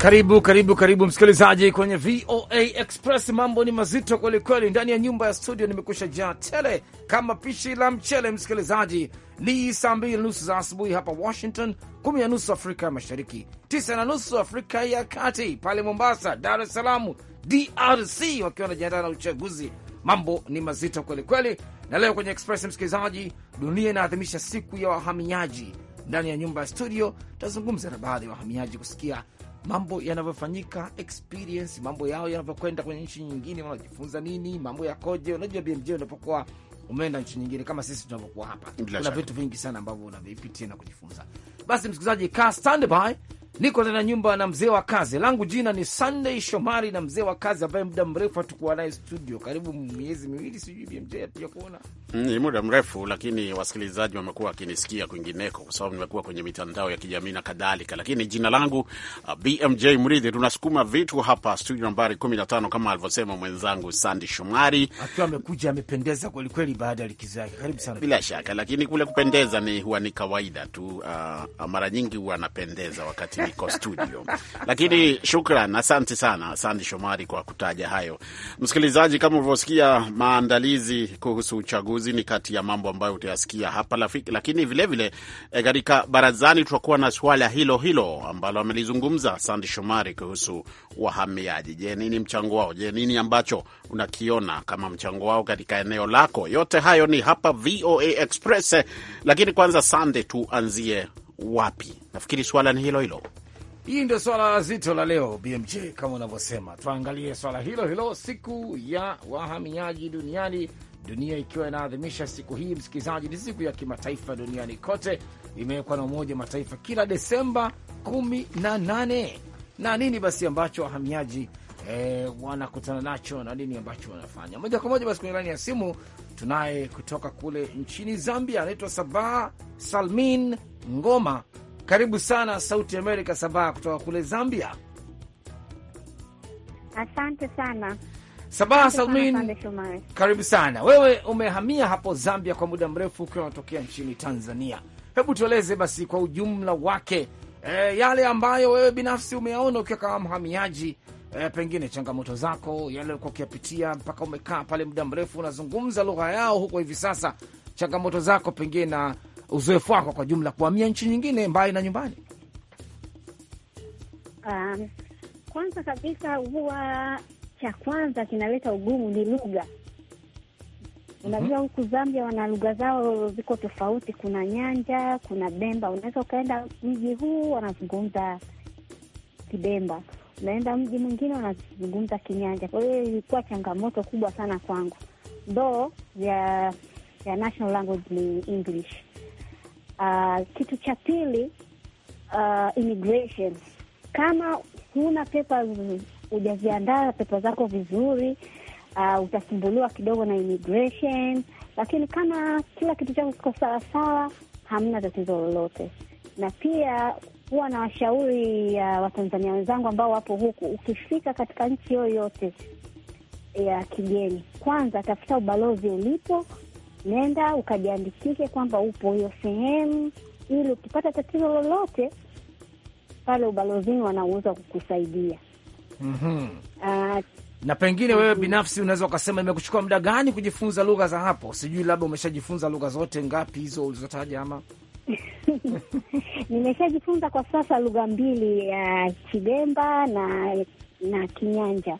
Karibu karibu karibu msikilizaji kwenye VOA Express. Mambo ni mazito kwelikweli, ndani ya nyumba ya studio nimekusha jaa tele kama pishi la mchele. Msikilizaji, ni saa mbili na nusu za asubuhi hapa Washington, kumi na nusu Afrika ya Mashariki, tisa na nusu Afrika ya Kati, pale Mombasa, Dar es Salaam, DRC wakiwa wanajiandaa na uchaguzi. Mambo ni mazito kwelikweli. Na leo kwenye Express msikilizaji, dunia inaadhimisha siku ya wahamiaji. Ndani ya nyumba ya studio tutazungumza na baadhi ya wahamiaji kusikia mambo yanavyofanyika, experience, mambo yao yanavyokwenda kwenye nchi nyingine, wanajifunza nini, mambo yakoje. Unajua BMJ unapokuwa umeenda nchi nyingine kama sisi tunavyokuwa hapa, kuna vitu vingi sana ambavyo unavipitia na kujifunza. Basi msikilizaji, kaa standby niko tena nyumba na mzee wa kazi langu jina ni Sunday Shomari, na mzee wa kazi ambaye muda mrefu hatukuwa naye studio, karibu miezi miwili, sijui BMJ hatuja kuona mm, ni mm, muda mrefu, lakini wasikilizaji wamekuwa wakinisikia kwingineko, kwa sababu nimekuwa kwenye mitandao ya kijamii na kadhalika. Lakini jina langu uh, BMJ Mridhi. Tunasukuma vitu hapa studio nambari 15 kama alivyosema mwenzangu Sandi Shomari, akiwa amekuja amependeza kwelikweli baada ya likizo yake. Karibu sana. Bila shaka, lakini kule kupendeza ni huwa ni kawaida tu. Uh, mara nyingi huwa anapendeza wakati iko studio. Lakini shukran, asante sana asante Shomari kwa kutaja hayo. Msikilizaji, kama ulivyosikia, maandalizi kuhusu uchaguzi ni kati ya mambo ambayo utayasikia hapa Rafiki, lakini vilevile eh, katika vile, barazani tutakuwa na suala hilo hilo ambalo amelizungumza Sandi Shomari kuhusu wahamiaji. Je, nini mchango wao? Je, nini ambacho unakiona kama mchango wao katika eneo lako? Yote hayo ni hapa VOA Express, lakini kwanza Sande, tuanzie wapi? Nafikiri suala ni hilo hilo. Hii ndio swala zito la leo BMJ, kama unavyosema, tuangalie swala hilo hilo, siku ya wahamiaji duniani, dunia ikiwa inaadhimisha siku hii. Msikilizaji, ni siku ya kimataifa duniani kote, imewekwa na Umoja Mataifa kila Desemba 18. Na nini basi ambacho wahamiaji eh, wanakutana nacho na nini ambacho wanafanya? Moja kwa moja basi kwenye laini ya simu tunaye kutoka kule nchini Zambia, anaitwa Sabah Salmin Ngoma karibu sana Sauti Amerika Sabaha kutoka kule Zambia. Asante sana Sabaha Salmin, karibu sana wewe. Umehamia hapo Zambia kwa muda mrefu ukiwa unatokea nchini Tanzania. Hebu tueleze basi kwa ujumla wake e, yale ambayo wewe binafsi umeyaona ukiwa kama mhamiaji e, pengine changamoto zako, yale ulikuwa ukiyapitia mpaka umekaa pale muda mrefu, unazungumza lugha yao huko hivi sasa, changamoto zako pengine na uzoefu wako kwa jumla kuhamia nchi nyingine mbali na nyumbani? Um, kwanza kabisa huwa cha kwanza kinaleta ugumu ni lugha. Unajua, mm -hmm. Huku Zambia wana lugha zao ziko tofauti. Kuna Nyanja, kuna Bemba. Unaweza ukaenda mji huu wanazungumza Kibemba, unaenda mji mwingine wanazungumza Kinyanja. Kwa hiyo ilikuwa changamoto kubwa sana kwangu, though ya, ya national language ni English Ah, kitu cha pili uh, immigration. Kama huna pepa, hujaziandaa pepa zako vizuri uh, utasumbuliwa kidogo na immigration, lakini kama kila kitu chako kiko sawasawa, hamna tatizo lolote. Na pia huwa na washauri uh, Watanzania wenzangu ambao wapo huku, ukifika katika nchi yoyote ya kigeni, kwanza tafuta ubalozi ulipo nenda ukajiandikishe kwamba upo hiyo sehemu, ili ukipata tatizo lolote pale ubalozini wana kukusaidia. mm -hmm. Uh, na pengine wewe mhm. binafsi unaweza ukasema imekuchukua muda gani kujifunza lugha za hapo? Sijui labda umeshajifunza lugha zote ngapi hizo ulizotaja ama? Nimeshajifunza kwa sasa lugha mbili ya uh, Kibemba na na Kinyanja.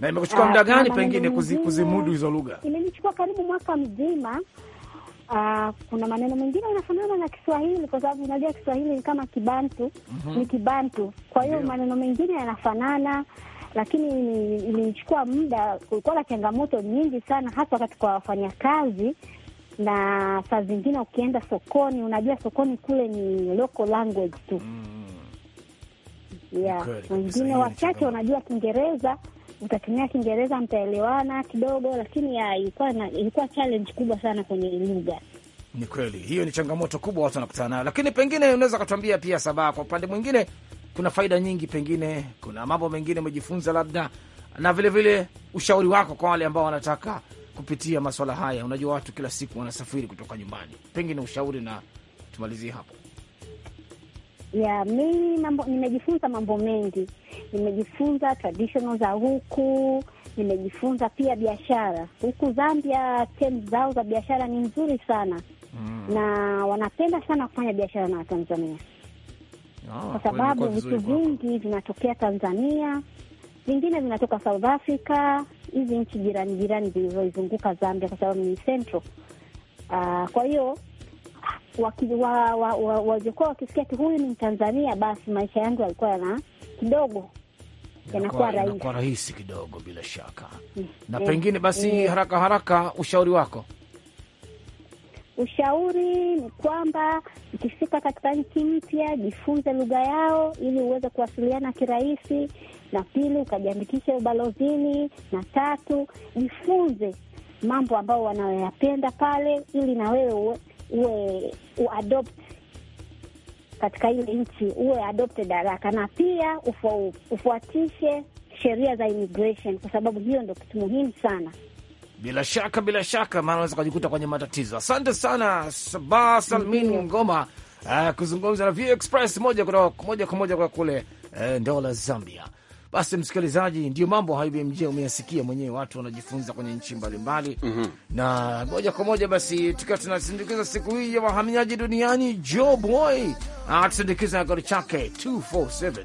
Na imekuchukua muda gani ah, pengine kuzimudu hizo lugha? Imenichukua karibu mwaka mzima. Uh, kuna maneno mengine yanafanana na Kiswahili kwa sababu unajua Kiswahili ni kama Kibantu, mm -hmm. ni Kibantu, kwa hiyo maneno mengine yanafanana, lakini ilinichukua muda. Kulikuwa na changamoto nyingi sana, hasa wakati kwa wafanyakazi, na saa zingine ukienda sokoni, unajua sokoni kule ni local language tu, mm. yeah. wengine wachache wanajua Kiingereza mtatumia Kiingereza, mtaelewana kidogo, lakini ah, ilikuwa ilikuwa challenge kubwa sana kwenye lugha. Ni kweli, hiyo ni changamoto kubwa watu wanakutana nayo, lakini pengine unaweza ukatuambia pia sababu, kwa upande mwingine kuna faida nyingi, pengine kuna mambo mengine umejifunza labda, na vilevile vile ushauri wako kwa wale ambao wanataka kupitia maswala haya. Unajua watu kila siku wanasafiri kutoka nyumbani, pengine ushauri na tumalizie hapo. Yeah, mimi mambo nimejifunza mambo mengi, nimejifunza traditional za huku, nimejifunza pia biashara huku Zambia. tem zao za biashara ni nzuri sana mm, na wanapenda sana kufanya biashara na Watanzania oh, kwa sababu vitu vingi vinatokea Tanzania, vingine vinatoka South Africa, hizi nchi jirani jirani zilizoizunguka Zambia kwa sababu ni central uh, kwa hiyo waliokuwa wakisikia ti huyu ni Mtanzania, basi maisha yangu yalikuwa yana kidogo yanakuwa rahisi, kidogo, bila shaka mm, na na eh, pengine basi e, haraka haraka, ushauri wako? Ushauri ni kwamba ukifika katika nchi mpya, jifunze lugha yao ili uweze kuwasiliana kirahisi, na pili, ukajiandikishe ubalozini, na tatu, jifunze mambo ambayo wanayoyapenda pale, ili na wewe uwe uadopt katika ile nchi, uwe adopted haraka, na pia ufu, ufuatishe sheria za immigration, kwa sababu hiyo ndo kitu muhimu sana. Bila shaka, bila shaka, maana unaweza ukajikuta kwenye matatizo. Asante sana Sabah Salmin mm -hmm. Ngoma uh, kuzungumza na View Express moja kwa moja kwa kule uh, Ndola, Zambia. Basi msikilizaji, ndio mambo hayo BMJ, umeyasikia mwenyewe, watu wanajifunza kwenye nchi mbalimbali mm -hmm. na moja kwa moja basi tukiwa tunasindikiza siku hii ya wahamiaji duniani, Joe Boy atusindikiza na gari chake 247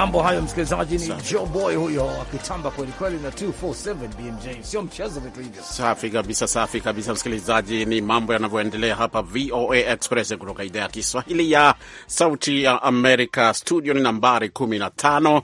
Mambo hayo msikilizaji, ni Joe Boy huyo akitamba kweli kweli na 247 BMJ, sio mchezo vitu hivyo. Safi kabisa, safi kabisa. Msikilizaji, ni mambo yanavyoendelea hapa VOA Express kutoka idhaa ya Kiswahili ya Sauti ya Amerika. Studio ni nambari 15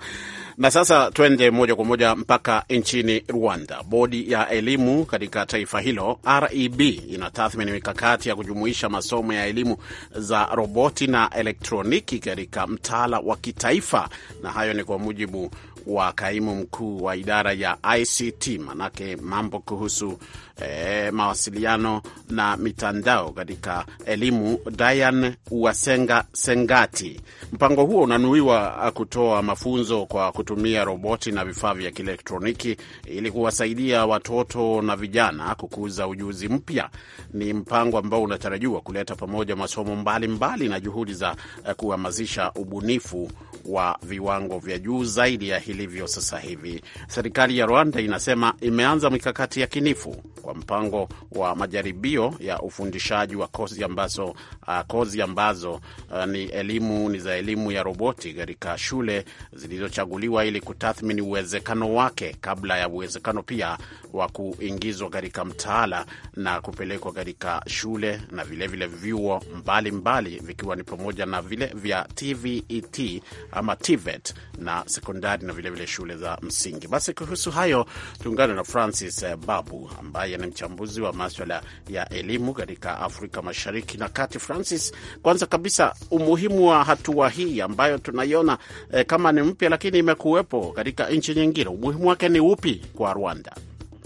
na sasa twende moja kwa moja mpaka nchini Rwanda. Bodi ya elimu katika taifa hilo REB inatathmini mikakati ya kujumuisha masomo ya elimu za roboti na elektroniki katika mtaala wa kitaifa, na hayo ni kwa mujibu wa kaimu mkuu wa idara ya ICT, manake mambo kuhusu e, mawasiliano na mitandao katika elimu, Dian Uwasenga Sengati. Mpango huo unanuiwa kutoa mafunzo kwa kutumia roboti na vifaa vya kielektroniki ili kuwasaidia watoto na vijana kukuza ujuzi mpya. Ni mpango ambao unatarajiwa kuleta pamoja masomo mbalimbali mbali na juhudi za eh, kuhamasisha ubunifu wa viwango vya juu zaidi ya ilivyo sasa hivi. Serikali ya Rwanda inasema imeanza mikakati ya kinifu kwa mpango wa majaribio ya ufundishaji wa kozi ambazo, uh, kozi ambazo uh, ni elimu ni za elimu ya roboti katika shule zilizochaguliwa ili kutathmini uwezekano wake kabla ya uwezekano pia wa kuingizwa katika mtaala na kupelekwa katika shule na vilevile vyuo mbalimbali vikiwa ni pamoja na vile vya TVET ama TVET na sekondari na vilevile vile shule za msingi. Basi kuhusu hayo tuungane na Francis eh, Babu ambaye ni mchambuzi wa maswala ya elimu katika Afrika Mashariki na Kati. Francis, kwanza kabisa umuhimu wa hatua hii ambayo tunaiona eh, kama ni mpya lakini imekuwepo katika nchi nyingine, umuhimu wake ni upi kwa Rwanda?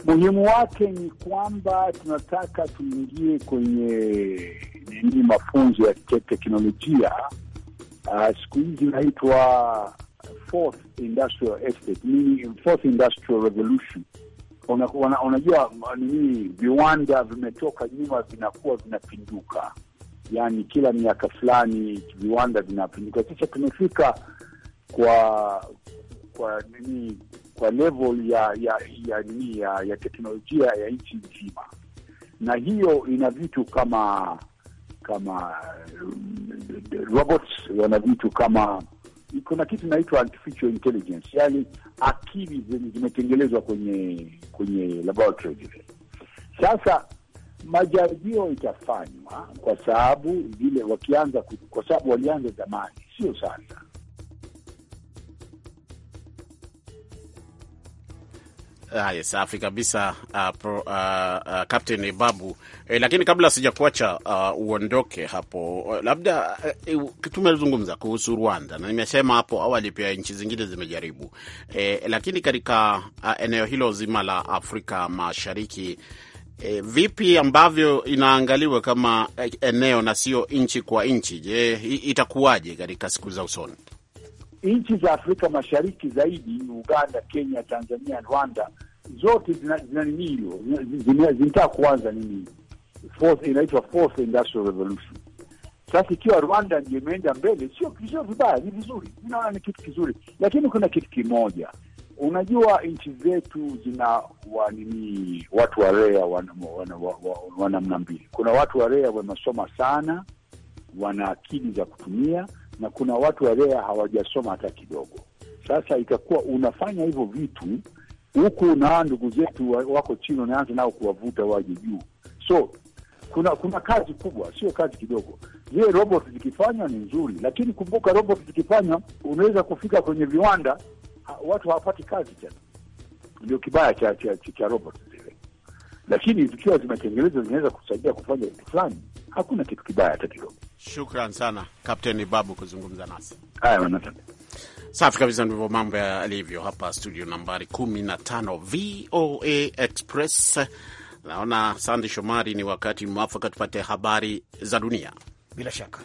Muhimu wake ni kwamba tunataka tuingie kwenye nini, mafunzo ya teknolojia Uh, siku hizi inaitwa fourth industrial estate, nini fourth industrial revolution. unajua uh, nini, viwanda vimetoka nyuma vinakuwa vinapinduka, yani kila miaka fulani viwanda vinapinduka. Sasa tumefika kwa kwa nini kwa level ya ya ya nini ya, ya teknolojia ya nchi nzima, na hiyo ina vitu kama kama robots wana vitu kama, kuna kitu inaitwa artificial intelligence, yani akili zimetengenezwa kwenye kwenye laboratory vile. Sasa majaribio itafanywa kwa sababu vile wakianza, kwa sababu walianza zamani, sio sasa Ah, yes, safi kabisa uh, pro, uh, uh, Captain Babu eh, lakini kabla sijakuacha uh, uondoke hapo eh, labda uh, tumezungumza kuhusu Rwanda na nimesema hapo awali pia nchi zingine zimejaribu eh, lakini katika uh, eneo hilo zima la Afrika Mashariki E, vipi ambavyo inaangaliwa kama eneo na sio nchi kwa nchi? Je, itakuwaje katika siku za usoni? nchi za Afrika Mashariki zaidi, Uganda, Kenya, Tanzania, Rwanda, zote zina nini zinataka kuanza nini, fourth inaitwa fourth industrial revolution. Sasa ikiwa Rwanda ndio imeenda mbele, sio sio vibaya, ni vizuri, inaona ni kitu kizuri, lakini kuna kitu kimoja Unajua, nchi zetu zina nini, watu warea wa namna mbili. Kuna watu warea wamesoma sana, wana akili za kutumia, na kuna watu walea hawajasoma hata kidogo. Sasa itakuwa unafanya hivyo vitu huku na ndugu zetu wako chini, unaanza nao kuwavuta waje juu. So kuna kuna kazi kubwa, sio kazi kidogo. Zile robot zikifanywa ni nzuri, lakini kumbuka, robot zikifanywa unaweza kufika kwenye viwanda, ha, watu hawapati kazi tena. Ndio kibaya cha cha, cha, cha robot zile, lakini zikiwa zimetengenezwa zinaweza kusaidia kufanya vitu fulani, hakuna kitu kibaya hata kidogo. Shukran sana Kapteni Babu kuzungumza nasi. safi kabisa, ndivyo mambo yalivyo hapa studio nambari 15 VOA Express. Naona Sandi Shomari, ni wakati mwafaka tupate habari za dunia. Bila shaka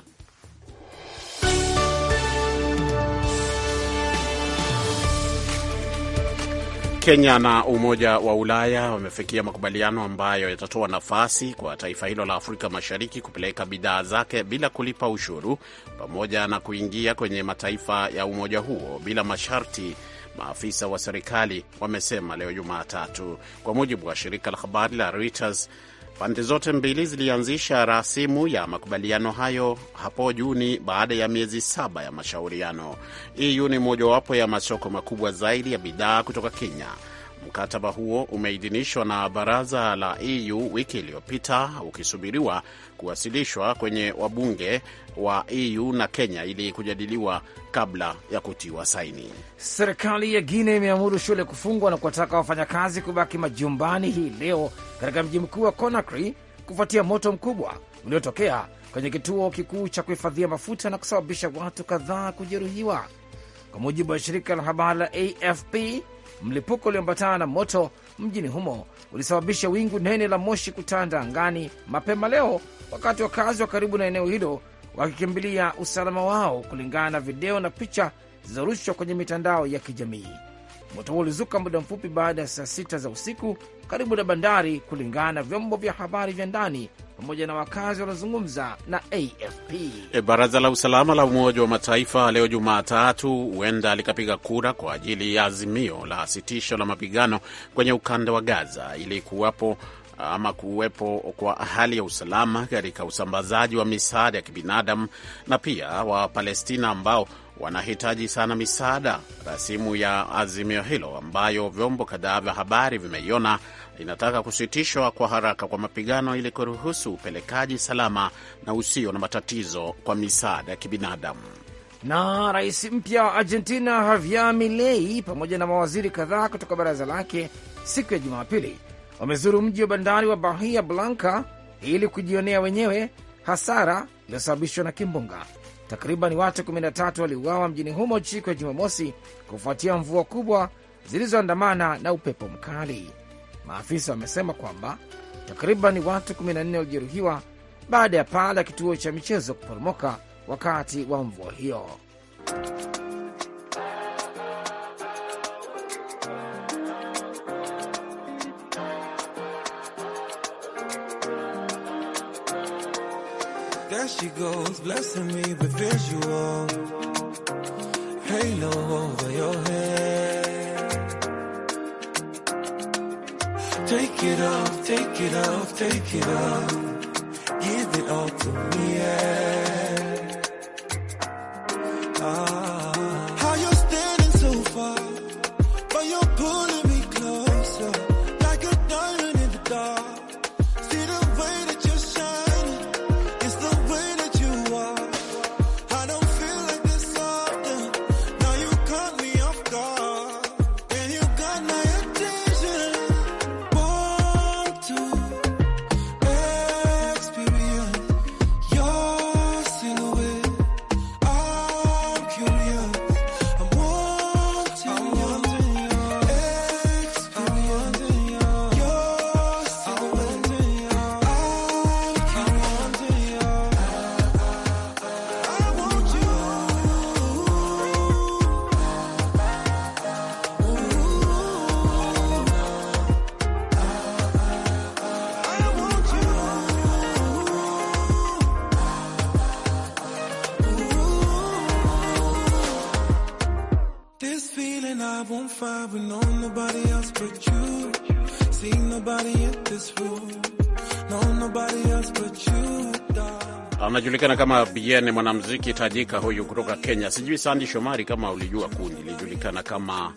Kenya na Umoja wa Ulaya wamefikia makubaliano ambayo yatatoa nafasi kwa taifa hilo la Afrika Mashariki kupeleka bidhaa zake bila kulipa ushuru pamoja na kuingia kwenye mataifa ya umoja huo bila masharti, maafisa wa serikali wamesema leo Jumatatu, kwa mujibu wa shirika la habari la Reuters. Pande zote mbili zilianzisha rasimu ya makubaliano hayo hapo Juni baada ya miezi saba ya mashauriano. EU ni mojawapo ya masoko makubwa zaidi ya bidhaa kutoka Kenya. Mkataba huo umeidhinishwa na baraza la EU wiki iliyopita ukisubiriwa kuwasilishwa kwenye wabunge wa EU na Kenya ili kujadiliwa kabla ya kutiwa saini. Serikali ya Guine imeamuru shule kufungwa na kuwataka wafanyakazi kubaki majumbani hii leo katika mji mkuu wa Conakry kufuatia moto mkubwa uliotokea kwenye kituo kikuu cha kuhifadhia mafuta na kusababisha watu kadhaa kujeruhiwa. Kwa mujibu wa shirika la habari la AFP, Mlipuko ulioambatana na moto mjini humo ulisababisha wingu nene la moshi kutanda angani mapema leo, wakati wakazi wa karibu na eneo hilo wakikimbilia usalama wao, kulingana na video na picha zilizorushwa kwenye mitandao ya kijamii. Moto huo ulizuka muda mfupi baada ya saa sita za usiku karibu na bandari, kulingana na vyombo vya habari vya ndani pamoja na wakazi waliozungumza na AFP. E, baraza la usalama la Umoja wa Mataifa leo Jumatatu huenda likapiga kura kwa ajili ya azimio la sitisho la mapigano kwenye ukanda wa Gaza ili kuwapo ama kuwepo kwa hali ya usalama katika usambazaji wa misaada ya kibinadamu na pia wa Palestina ambao wanahitaji sana misaada. Rasimu ya azimio hilo ambayo vyombo kadhaa vya habari vimeiona inataka kusitishwa kwa haraka kwa mapigano ili kuruhusu upelekaji salama na usio na matatizo kwa misaada ya kibinadamu. Na rais mpya wa Argentina Javier Milei pamoja na mawaziri kadhaa kutoka baraza lake siku ya Jumapili wamezuru mji wa bandari wa Bahia Blanca ili kujionea wenyewe hasara iliyosababishwa na kimbunga Takriban watu 13 waliuawa mjini humo siku ya Jumamosi kufuatia mvua kubwa zilizoandamana na upepo mkali. Maafisa wamesema kwamba takriban watu 14 walijeruhiwa baada ya paa la kituo cha michezo kuporomoka wakati wa mvua hiyo. she goes, blessing me with visual halo over your head. Take it off, take it off, take it off. Give it all to me, yeah. anajulikana kama Bien, mwanamuziki tajika huyu kutoka Kenya. Sijui Sandi Shomari kama ulijua kundi lilijulikana kama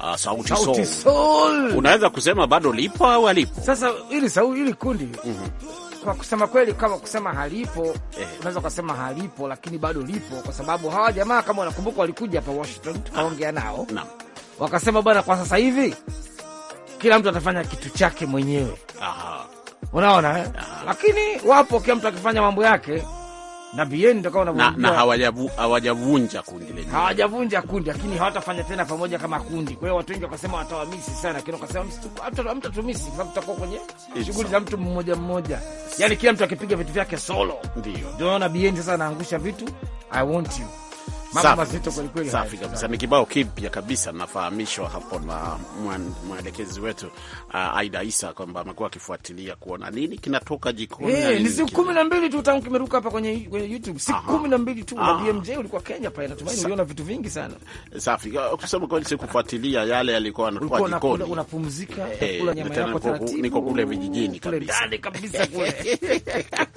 Uh, Sauti Sauti Soul. Soul. Unaweza kusema bado lipo au halipo? Sasa ili sau ili kundi mm -hmm. Kwa kusema kweli kama kusema halipo eh. Unaweza kusema halipo lakini bado lipo kwa sababu hawa jamaa kama wanakumbuka walikuja hapa Washington ah. tukaongea ah. nao na. Wakasema bwana, kwa sasa hivi kila mtu atafanya kitu chake mwenyewe. Aha. Unaona eh? Lakini wapo kila mtu akifanya mambo yake na BN ndio kama na, na hawajavu, hawajavunja kundi lenyewe, hawajavunja kundi, lakini hawatafanya tena pamoja kama kundi. Kwa hiyo watu wengi wakasema watawamisi sana, kile wakasema hata kwa sababu tutakuwa kwenye shughuli za mtu mmoja mmoja, yani kila mtu akipiga vitu vyake solo. Ndio ndio naona BN sasa anaangusha vitu I want you Safi kabisa, ni kibao kipya kabisa, nafahamishwa hapo na mwelekezi wetu uh, Aida Isa kwamba amekuwa akifuatilia kuona nini kinatoka jikoni. Hey, eh, ni siku kumi na mbili tu tangu kimeruka hapa kwenye, kwenye YouTube siku kumi na mbili tu na BMJ ulikuwa Kenya pale, natumaini uliona vitu vingi sana. Safi, uh, kusema kweli sikufuatilia yale yalikuwa yanatoka jikoni, unapumzika eh, kula nyama yako taratibu, niko kule vijijini kabisa kule.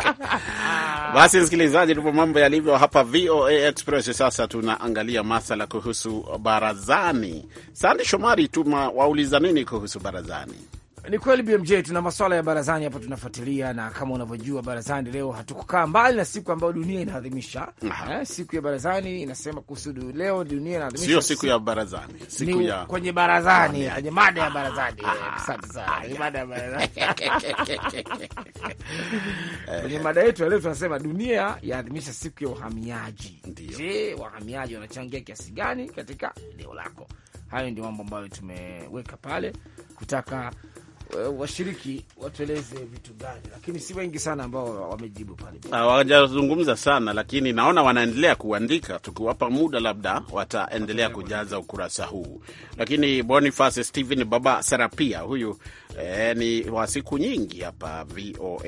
Basi msikilizaji, ndipo mambo yalivyo hapa VOA Express. Sasa tunaangalia masala kuhusu barazani. Sandi Shomari, tuma wauliza nini kuhusu barazani? Ni kweli BMJ, tuna maswala ya barazani hapa tunafuatilia, na kama unavyojua barazani leo hatukukaa mbali na siku ambayo dunia inaadhimisha eh, siku ya barazani. Inasema kuhusu leo dunia inaadhimisha sio siku ya barazani, siku ya kwenye barazani, kwenye mada ya barazani, ah, ah, asante sana, ah, kwenye mada ya barazani kwenye mada yetu leo tunasema dunia yaadhimisha siku ya uhamiaji. Je, wahamiaji wanachangia kiasi gani katika eneo lako? Hayo ndio mambo ambayo tumeweka pale kutaka Eh, washiriki watueleze vitu gani, lakini si wengi sana ambao wamejibu pale, ah, hawajazungumza sana, lakini naona wanaendelea kuandika. Tukiwapa muda, labda wataendelea kujaza ukurasa huu. Lakini Boniface Stephen Baba Serapia huyu eh, ni wa siku nyingi hapa VOA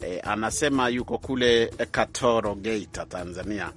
eh, anasema yuko kule Katoro, Geita, Tanzania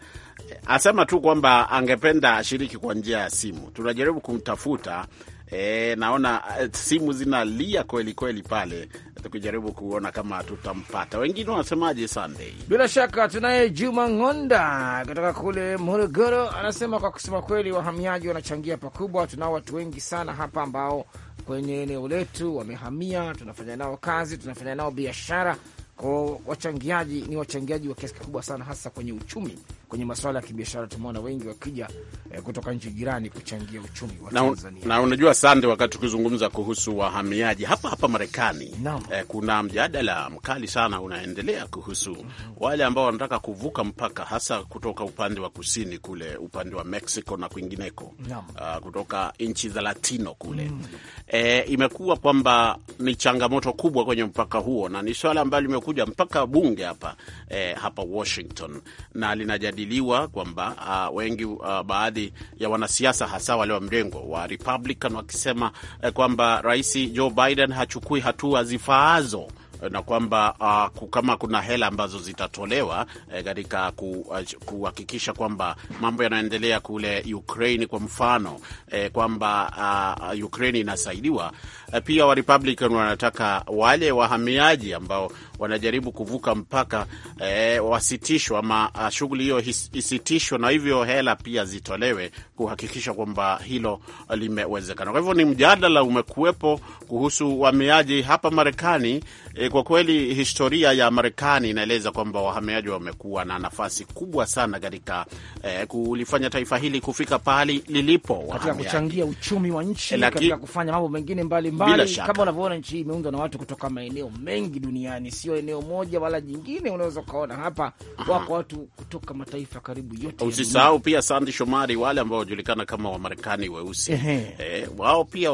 eh, asema tu kwamba angependa ashiriki kwa njia ya simu. Tunajaribu kumtafuta E, naona eh, simu zinalia kweli kweli pale, tukijaribu kuona kama tutampata. Wengine wanasemaje? Sunday, bila shaka tunaye Juma Ng'onda kutoka kule Morogoro, anasema kwa kusema kweli, wahamiaji wanachangia pakubwa. Tunao watu wengi sana hapa ambao kwenye eneo letu wamehamia, tunafanya nao kazi, tunafanya nao biashara. kwao. wachangiaji, ni wachangiaji wa kiasi kikubwa sana, hasa kwenye uchumi kwenye masuala ya kibiashara, tumeona wengi wakija eh, kutoka nchi jirani kuchangia uchumi wa Tanzania. Na na unajua Sande, wakati tukizungumza kuhusu wahamiaji hapa hapa Marekani eh, kuna mjadala mkali sana unaendelea kuhusu mm -hmm. wale ambao wanataka kuvuka mpaka, hasa kutoka upande wa kusini kule upande wa Mexico na kwingineko, uh, kutoka nchi za Latino kule mm. -hmm. Eh, imekuwa kwamba ni changamoto kubwa kwenye mpaka huo, na ni swala ambalo limekuja mpaka bunge hapa eh, hapa Washington na linajadili kujadiliwa kwamba uh, wengi uh, baadhi ya wanasiasa hasa wale wa mrengo wa Republican wakisema uh, kwamba Rais Joe Biden hachukui hatua zifaazo na kwamba uh, kama kuna hela ambazo zitatolewa eh, katika eh, ku, ah, kuhakikisha kwamba mambo yanaendelea kule Ukraine kwa mfano eh, kwamba uh, Ukraine inasaidiwa eh, pia wa Republican wanataka wale wahamiaji ambao wanajaribu kuvuka mpaka eh, wasitishwe ama uh, shughuli hiyo isitishwe na hivyo hela pia zitolewe kuhakikisha kwamba hilo limewezekana. Kwa hivyo ni mjadala umekuwepo kuhusu wahamiaji hapa Marekani. E, kwa kweli historia ya Marekani inaeleza kwamba wahamiaji wamekuwa na nafasi kubwa sana katika e, kulifanya taifa hili kufika pahali lilipo, katika kuchangia uchumi wa nchi, e, laki, katika kufanya mambo mengine mbalimbali. mbali. Kama unavyoona nchi hii imeundwa na watu kutoka maeneo mengi duniani, sio eneo moja wala jingine. Unaweza ukaona hapa wako watu kutoka mataifa karibu yote. Usisahau pia, Sandi Shomari, wale ambao wanaojulikana kama Wamarekani weusi e, wao pia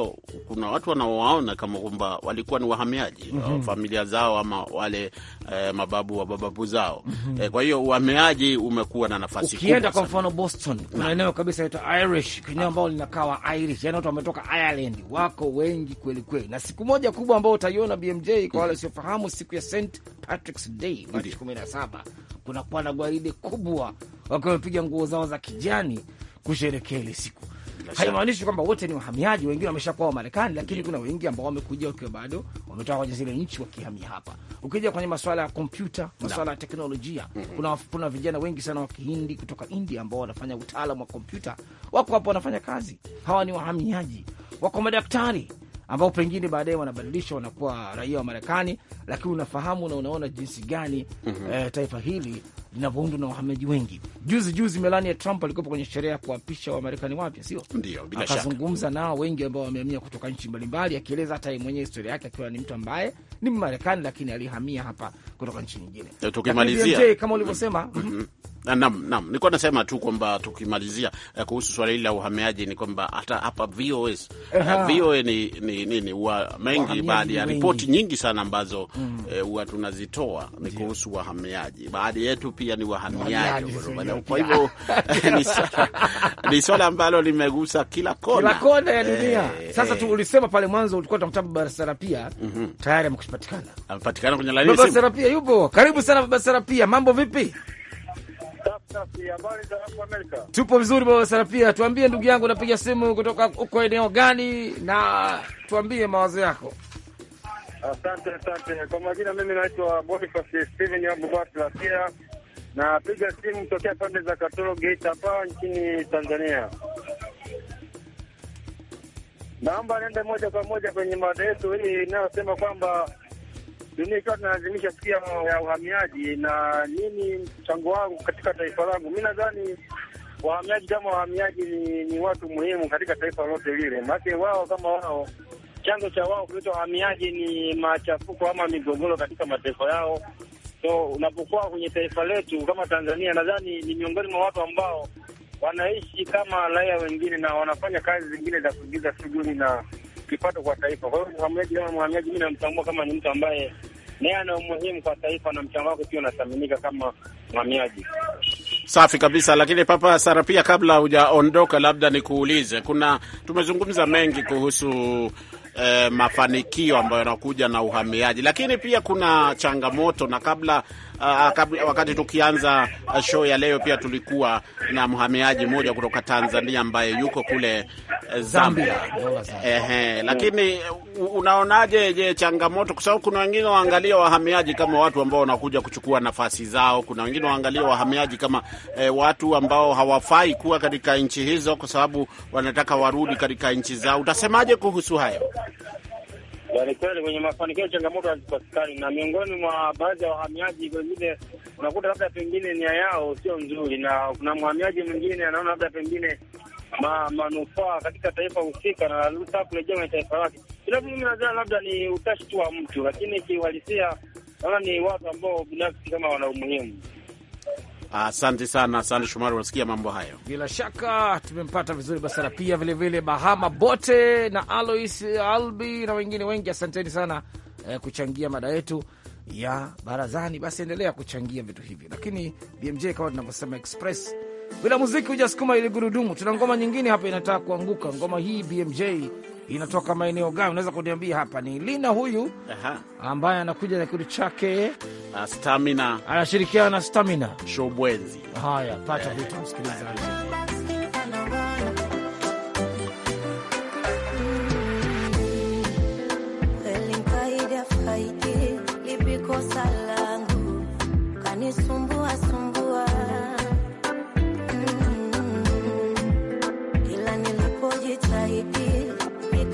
kuna watu wanaowaona kama kwamba walikuwa ni wahamiaji mm -hmm. familia zao ama wale e, mababu wa bababu zao mm -hmm. e, kwa hiyo uhamiaji umekuwa na nafasi kubwa. Ukienda kwa mfano Boston, kuna eneo kabisa inaitwa Irish kinywa ah. ambao linakawa Irish, yani watu wametoka Ireland, wako wengi kweli kweli, na siku moja kubwa ambao utaiona BMJ kwa wale mhm. wasiofahamu, siku ya St Patrick's Day Machi kumi na saba kunakuwa na gwaride kubwa wakiwa wamepiga nguo zao za kijani kusherekea ile siku. Haimaanishi kwamba wote ni wahamiaji, wengine wameshakuwa wa Marekani, lakini kuna wengi ambao wamekuja wakiwa bado wametoka kwenye zile nchi wakihamia hapa. Ukija kwenye masuala ya kompyuta, masuala ya teknolojia, mhm. kuna, kuna vijana wengi sana wa Kihindi kutoka India ambao wanafanya utaalamu wa kompyuta, wako hapo wanafanya kazi. Hawa ni wahamiaji. Wako madaktari ambao pengine baadaye wanabadilisha wanakuwa raia wa Marekani, lakini unafahamu na unaona jinsi gani mm -hmm. eh, taifa hili linavyoundwa na wahamiaji wengi. Juzi juzi Melania Trump alikuwepo kwenye sherehe ya kuwapisha Wamarekani wapya, sio ndio? Bila shaka akazungumza nao wengi ambao wamehamia kutoka nchi mbalimbali, akieleza hata yeye mwenyewe historia yake, akiwa ni mtu ambaye ni Mmarekani lakini alihamia hapa kutoka nchi nyingine. Tukimalizia kama ulivyosema mhm. mm-hmm. Naam, naam, nilikuwa nasema tu kwamba tukimalizia eh, kuhusu swala hili la uhamiaji ni kwamba hata hapa VOS uh, VOA ni nini ni, ni, wa mengi baadhi ya ripoti nyingi sana ambazo huwa mm, eh, tunazitoa ni kuhusu wahamiaji. Baadhi yetu pia ni wahamiaji, kwa hivyo ni swala ambalo limegusa kila kona, kila kona ya dunia eh, eh. sasa tu ulisema pale mwanzo ulikuwa tunamtaka Baba Sarapia mm -hmm. Tayari amekushapatikana, amepatikana kwenye laini. Baba Sarapia yupo karibu sana. Baba Sarapia, mambo vipi? Tupo vizuri baba Sarafia, tuambie ndugu yangu, unapiga simu kutoka huko eneo gani na tuambie mawazo yako. Asante, asante kwa majina. Mimi naitwa Boniface Steven Abubakar, napiga simu tokea pande za Katoro Geita hapa nchini Tanzania. Naomba niende moja kwa moja kwenye mada yetu hii inayosema kwamba dunia ikiwa tunalazimisha sikia ya uhamiaji, na nini mchango wangu katika taifa langu, mi nadhani wahamiaji kama wahamiaji ni, ni watu muhimu katika taifa lote lile, maanake wao kama wao chanzo cha wao kuleta wahamiaji ni machafuko ama migogoro katika mataifa yao. So unapokuwa kwenye taifa letu kama Tanzania, nadhani ni miongoni mwa watu ambao wanaishi kama raia wengine na wanafanya kazi zingine za kuingiza shughuli na kipato kwa taifa. Kwa hiyo mhamiaji kama mhamiaji, mi namtambua kama ni mtu ambaye naye ana umuhimu kwa taifa na mchango wake pia unathaminika kama mhamiaji. Safi kabisa. Lakini Papa Sara, pia kabla hujaondoka, labda nikuulize, kuna tumezungumza mengi kuhusu eh, mafanikio ambayo yanakuja na uhamiaji, lakini pia kuna changamoto na kabla, uh, wakati tukianza ah, show ya leo pia tulikuwa na mhamiaji mmoja kutoka Tanzania ambaye yuko kule eh, Zambia, Zambia. Ehe, lakini unaonaje, je, changamoto kwa sababu kuna wengine waangalia wahamiaji kama watu ambao wanakuja kuchukua nafasi zao, kuna wengine waangalia wahamiaji kama eh, watu ambao hawafai kuwa katika nchi hizo kwa sababu wanataka warudi katika nchi zao. Utasemaje kuhusu hayo? ni kweli, kwenye mafanikio changamoto hazipatikani, na miongoni mwa baadhi ya wahamiaji wengine unakuta labda pengine nia yao sio nzuri, na kuna mhamiaji mwingine anaona labda pengine ma, manufaa katika taifa husika na anataka kurejea kwenye taifa lake. Ila mimi nadhani labda ni utashi tu wa mtu, lakini kiuhalisia naona ni watu ambao binafsi kama wana umuhimu Asante uh, sana asante shumari unasikia mambo hayo. Bila shaka tumempata vizuri Basara, pia vilevile Bahama bote na Alois Albi na wengine wengi, asanteni sana eh, kuchangia mada yetu ya barazani. Basi endelea kuchangia vitu hivyo lakini BMJ kama tunavyosema express bila muziki hujasukuma ili gurudumu. Tuna ngoma nyingine hapa inataka kuanguka, ngoma hii BMJ inatoka maeneo gani? Unaweza kuniambia hapa? Ni Lina huyu ambaye anakuja na kikundi chake ah, Stamina, anashirikiana na Stamina Shobwenzi. Haya, pata eh. vitu msikilizaji kanisumbua sumbua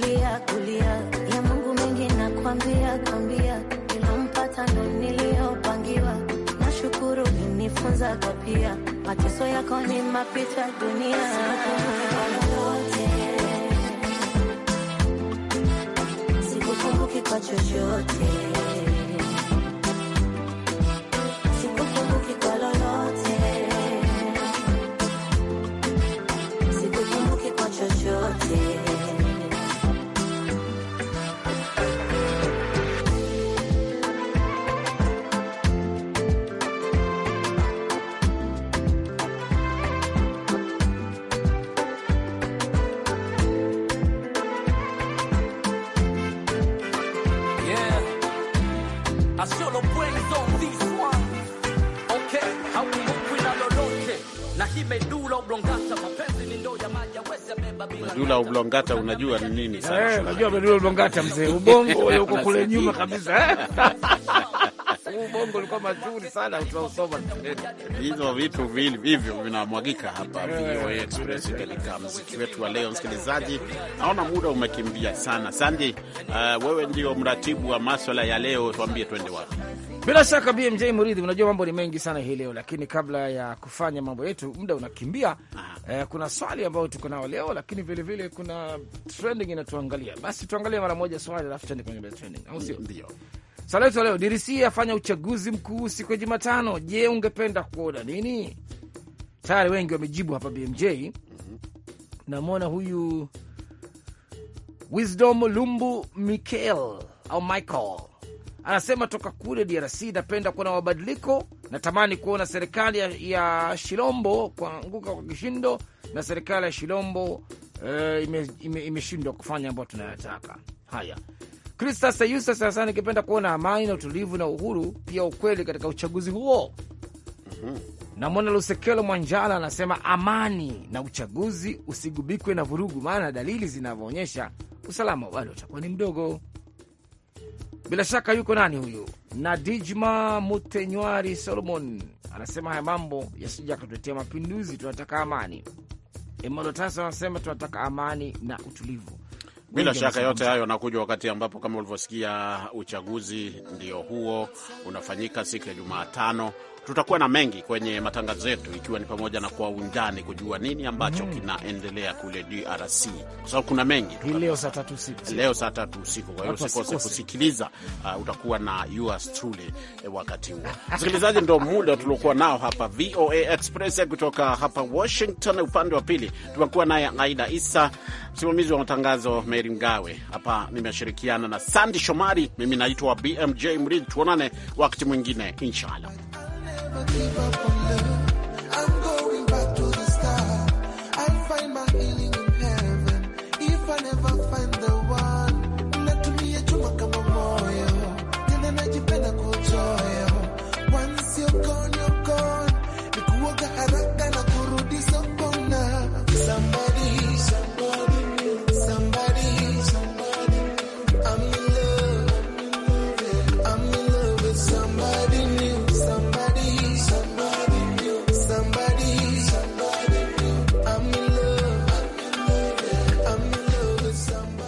kulia kulia, ya Mungu mengi na kwambia kwambia, nilompata ndo niliyopangiwa, na shukuru nifunza pia mateso yako ni mapicha dunia sikukumbuki kwa chochote Medulla oblongata, unajua ni nini sana? Eh, unajua medulla oblongata, mzee, ubongo ule kule nyuma kabisa. Eh. Ubongo ulikuwa mazuri sana utausoma. Hizo vitu vili hivyo vinamwagika hapa eh, VOA Express, katika mziki wetu wa leo. Msikilizaji, naona muda umekimbia sana. Sandi, uh, wewe ndio mratibu wa maswala ya leo, tuambie twende wapi? Bila shaka BMJ Muridhi, unajua mambo ni mengi sana hii leo, lakini kabla ya kufanya mambo yetu, muda unakimbia. Ah. Eh, kuna swali ambayo tuko nao leo, lakini vilevile vile kuna trending inatuangalia. Basi tuangalie mara moja swali, alafu tuende kwenye trending, au sio? Ndio swali letu leo, dirisi afanya uchaguzi mkuu siku ya Jumatano. Je, ungependa kuona nini? Tayari wengi wamejibu hapa BMJ. Mhm. Namwona huyu Wisdom Lumbu Mikel au Michael anasema toka kule DRC, napenda kuona mabadiliko, natamani kuona serikali ya, ya Shilombo kuanguka kwa kishindo, na serikali ya Shilombo uh, eh, imeshindwa ime, ime kufanya ambayo tunayotaka. Haya, Krista Sayusa sasa, nikipenda kuona amani na utulivu na uhuru pia ukweli katika uchaguzi huo. mm -hmm. Namwona Lusekelo Mwanjala anasema amani na uchaguzi usigubikwe na vurugu, maana dalili zinavyoonyesha usalama bado utakuwa ni mdogo. Bila shaka yuko nani huyu? nadijma Mutenywari Solomon anasema haya mambo yasija katuletea mapinduzi, tunataka amani. Emmanuel anasema tunataka amani na utulivu. Bila shaka yote hayo anakuja wakati ambapo kama ulivyosikia uchaguzi ndio huo unafanyika siku ya Jumatano. Tutakuwa na mengi kwenye matangazo yetu, ikiwa ni pamoja na kwa undani kujua nini ambacho mm, kinaendelea kule DRC kwa sababu kuna mengi leo saa tatu usiku, leo saa tatu usiku. Kwa hiyo usikose kusikiliza. Uh, utakuwa na yours truly eh, wakati huo. Msikilizaji, ndo muda tuliokuwa nao hapa VOA Express eh, kutoka hapa Washington. Upande wa pili tumekuwa naye Aida Isa, msimamizi wa matangazo Meri Mgawe, hapa nimeshirikiana na Sandi Shomari. Mimi naitwa BMJ Mridi. Tuonane wakati mwingine inshallah. never